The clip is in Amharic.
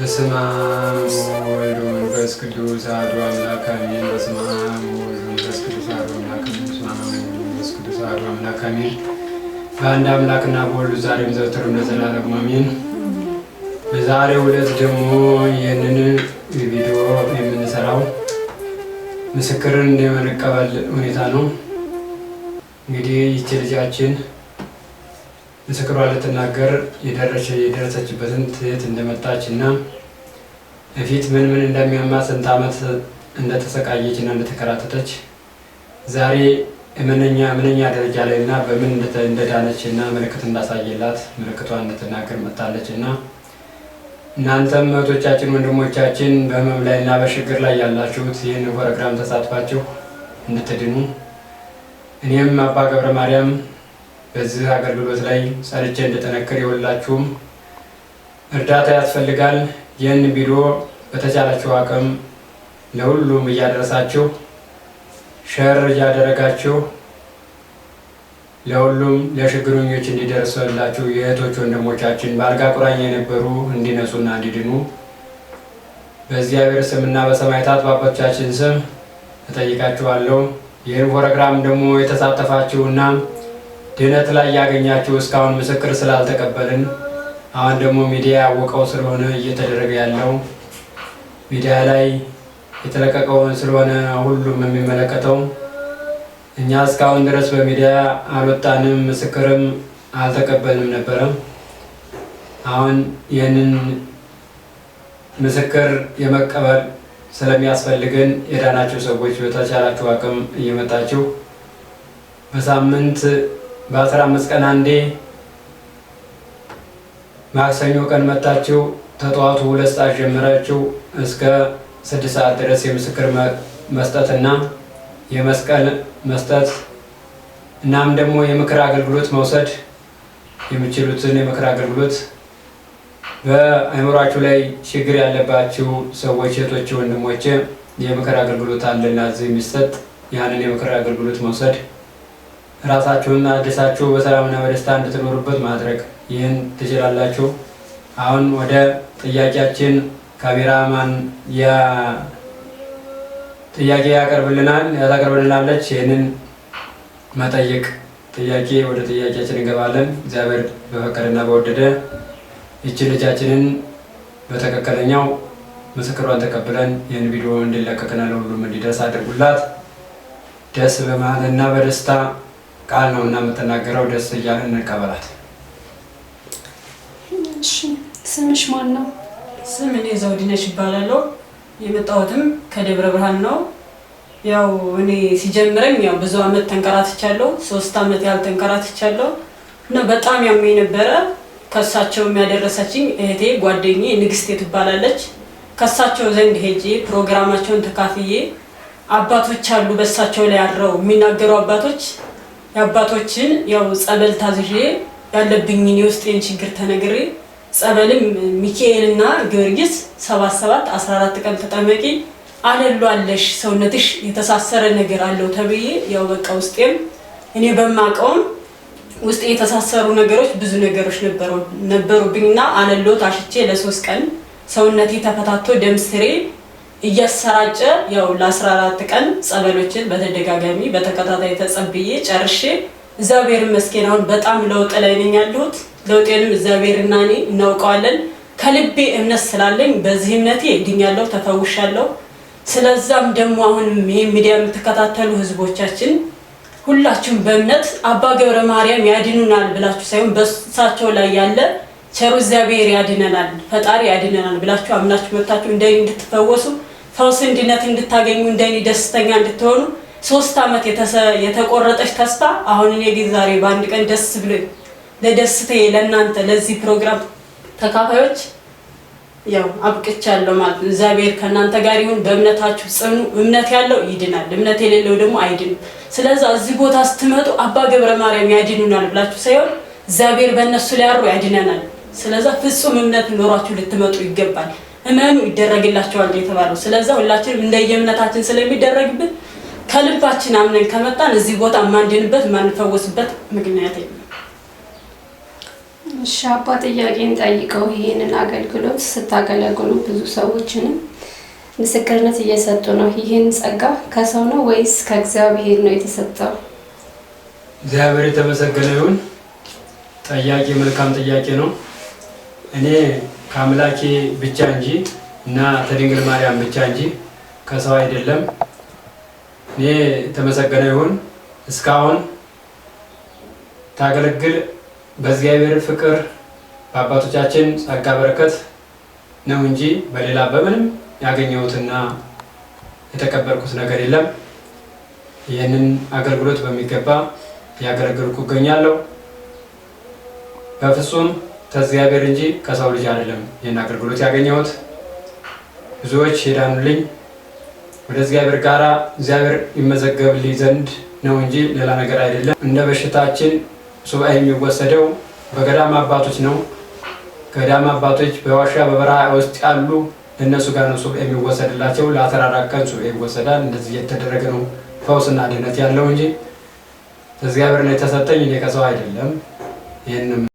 በስመ አብ ወወልድ ወመንፈስ ቅዱስ አሐዱ አምላክ አሜን። በስመ አብ ወወልድ ወመንፈስ ቅዱስ አሐዱ አምላክ አሜን። በስመ አብ ወወልድ ወመንፈስ ቅዱስ አሐዱ አምላክ አሜን። በአንድ አምላክና በወልድ ዛሬም ዘወትርም ለዘላለሙ አሜን። በዛሬው ዕለት ደግሞ ይህንን ቪዲዮ የምንሰራው ምስክርን እንደመቀበል ሁኔታ ነው። እንግዲህ ይቺ ልጃችን ምስክሯ ልትናገር የደረሰችበትን ትት እንደመጣች እና በፊት ምን ምን እንደሚያማ ስንት ዓመት እንደተሰቃየች እና እንደተከራተተች ዛሬ እምነኛ ምንኛ ደረጃ ላይ እና በምን እንደዳነች እና ምልክት እንዳሳየላት ምልክቷ እንድትናገር መጣለች እና እናንተም እህቶቻችን ወንድሞቻችን በህመም ላይ እና በችግር ላይ ያላችሁት ይህን ፕሮግራም ተሳትፋችሁ እንድትድኑ እኔም አባ ገብረ ማርያም በዚህ አገልግሎት ላይ ሰርቼ እንደጠነክር የሁላችሁም እርዳታ ያስፈልጋል። ይህን ቪዲዮ በተቻላችሁ አቅም ለሁሉም እያደረሳችሁ ሸር እያደረጋችሁ ለሁሉም ለችግረኞች እንዲደርስላችሁ የእህቶች ወንድሞቻችን በአልጋ ቁራኛ የነበሩ እንዲነሱና እንዲድኑ በእግዚአብሔር ስምና በሰማዕታት በአባቶቻችን ስም እጠይቃችኋለሁ። ይህን ፕሮግራም ደግሞ የተሳተፋችሁና ድህነት ላይ ያገኛችሁ እስካሁን ምስክር ስላልተቀበልን አሁን ደግሞ ሚዲያ ያወቀው ስለሆነ እየተደረገ ያለው ሚዲያ ላይ የተለቀቀውን ስለሆነ ሁሉም የሚመለከተው እኛ እስካሁን ድረስ በሚዲያ አልወጣንም፣ ምስክርም አልተቀበልንም ነበረ። አሁን ይህንን ምስክር የመቀበል ስለሚያስፈልግን የዳናችሁ ሰዎች በተቻላችሁ አቅም እየመጣችሁ በሳምንት በአስራ አምስት ቀን አንዴ ማክሰኞ ቀን መታችሁ ተጠዋቱ ሁለት ሰዓት ጀምራችሁ እስከ ስድስት ሰዓት ድረስ የምስክር መስጠትና የመስቀል መስጠት እናም ደግሞ የምክር አገልግሎት መውሰድ የምችሉትን የምክር አገልግሎት በአእምሯችሁ ላይ ችግር ያለባችሁ ሰዎች እህቶች፣ ወንድሞቼ የምክር አገልግሎት አለና እዚህ የሚሰጥ ያንን የምክር አገልግሎት መውሰድ ራሳችሁና አዲሳችሁ በሰላምና በደስታ እንድትኖሩበት ማድረግ ይህን ትችላላችሁ። አሁን ወደ ጥያቄያችን ከቢራማን ጥያቄ ያቀርብልናል ያታቀርብልናለች። ይህንን መጠየቅ ጥያቄ ወደ ጥያቄያችን እንገባለን። እግዚአብሔር በፈቀደና በወደደ ይቺ ልጃችንን በትክክለኛው ምስክሯን ተቀብለን ይህን ቪዲዮ እንዲለቀቅና ለሁሉም እንዲደርስ አድርጉላት። ደስ በማለትና በደስታ ቃል ነው እና የምትናገረው ደስ እያለን እንቀበላት። ስምሽ ማን ነው? ስም እኔ ዘውዲነሽ ይባላለሁ። የመጣሁትም ከደብረ ብርሃን ነው። ያው እኔ ሲጀምረኝ ያው ብዙ አመት ተንከራትቻለሁ። ሶስት አመት ያህል ተንከራትቻለሁ እና በጣም ያመኝ ነበረ። ከእሳቸው የሚያደረሰችኝ እህቴ ጓደኛ ንግስቴ ትባላለች። ከእሳቸው ዘንድ ሄጄ ፕሮግራማቸውን ተካፍዬ አባቶች አሉ በእሳቸው ላይ አድረው የሚናገሩ አባቶች የአባቶችን ያው ጸበል ታዝዤ ያለብኝን የውስጤን ችግር ተነግሬ ጸበልም ሚካኤልና ጊዮርጊስ ሰባት ሰባት አስራ አራት ቀን ተጠመቂ አለሏለሽ ሰውነትሽ የተሳሰረ ነገር አለው ተብዬ ያው በቃ ውስጤም እኔ በማቀውም ውስጤ የተሳሰሩ ነገሮች ብዙ ነገሮች ነበሩብኝና አለሎ አሽቼ ለሶስት ቀን ሰውነቴ ተፈታቶ ደም ስሬ እያሰራጨ ያው ለ14 ቀን ጸበሎችን በተደጋጋሚ በተከታታይ ተጸብዬ ጨርሼ እግዚአብሔር ይመስገን አሁን በጣም ለውጥ ላይ ነኝ ያለሁት። ለውጤንም እግዚአብሔርና እኔ እናውቀዋለን። ከልቤ እምነት ስላለኝ በዚህ እምነቴ ድኛለሁ፣ ተፈውሻለሁ። ስለዛም ደግሞ አሁን ይህ ሚዲያ የምትከታተሉ ህዝቦቻችን ሁላችሁም በእምነት አባ ገብረ ማርያም ያድኑናል ብላችሁ ሳይሆን በእሳቸው ላይ ያለ ቸሩ እግዚአብሔር ያድነናል፣ ፈጣሪ ያድነናል ብላችሁ አምናችሁ መታችሁ እንደ እንድትፈወሱ ፈውስ እንድነት እንድታገኙ እንደኔ ደስተኛ እንድትሆኑ ሶስት ዓመት የተቆረጠች ተስፋ አሁን እኔ ግን ዛሬ በአንድ ቀን ደስ ብሎኝ ለደስታዬ ለእናንተ ለዚህ ፕሮግራም ተካፋዮች ያው አብቅቻለሁ ማለት ነው። እግዚአብሔር ከእናንተ ጋር ይሁን። በእምነታችሁ ጽኑ። እምነት ያለው ይድናል፣ እምነት የሌለው ደግሞ አይድንም። ስለዛ እዚህ ቦታ ስትመጡ አባ ገብረ ማርያም ያድኑናል ብላችሁ ሳይሆን እግዚአብሔር በእነሱ ላይ አድሮ ያድነናል። ስለዛ ፍጹም እምነት ኖሯችሁ ልትመጡ ይገባል። እመኑ ይደረግላቸዋል የተባለው። ስለዛ ሁላችንም እንደየእምነታችን ስለሚደረግብን ከልባችን አምነን ከመጣን እዚህ ቦታ ማንድንበት ማንፈወስበት ምክንያት የለም። እሺ አባ ጥያቄን ጠይቀው ይህንን አገልግሎት ስታገለግሉ ብዙ ሰዎችንም ምስክርነት እየሰጡ ነው። ይህን ጸጋ ከሰው ነው ወይስ ከእግዚአብሔር ነው የተሰጠው? እግዚአብሔር የተመሰገነ ይሁን። ጠያቄ መልካም ጥያቄ ነው። እኔ ከአምላኬ ብቻ እንጂ እና ከድንግል ማርያም ብቻ እንጂ ከሰው አይደለም። እኔ ተመሰገነ ይሁን እስካሁን ታገለግል በእግዚአብሔር ፍቅር በአባቶቻችን ጸጋ በረከት ነው እንጂ በሌላ በምንም ያገኘሁትና የተቀበልኩት ነገር የለም። ይህንን አገልግሎት በሚገባ ያገለግልኩ እገኛለሁ በፍጹም ከእግዚአብሔር እንጂ ከሰው ልጅ አይደለም ይህን አገልግሎት ያገኘሁት። ብዙዎች የዳኑልኝ ወደ እግዚአብሔር ጋራ እግዚአብሔር ይመዘገብልኝ ዘንድ ነው እንጂ ሌላ ነገር አይደለም። እንደ በሽታችን ሱባኤ የሚወሰደው በገዳም አባቶች ነው። ገዳም አባቶች በዋሻ በበረሃ ውስጥ ያሉ እነሱ ጋር ነው ሱባኤ የሚወሰድላቸው። ለአተራራ ቀን ሱባኤ ይወሰዳል። እንደዚህ የተደረገ ነው ፈውስና ድህነት ያለው እንጂ እግዚአብሔር ነው የተሰጠኝ እኔ ከሰው አይደለም። ይህንም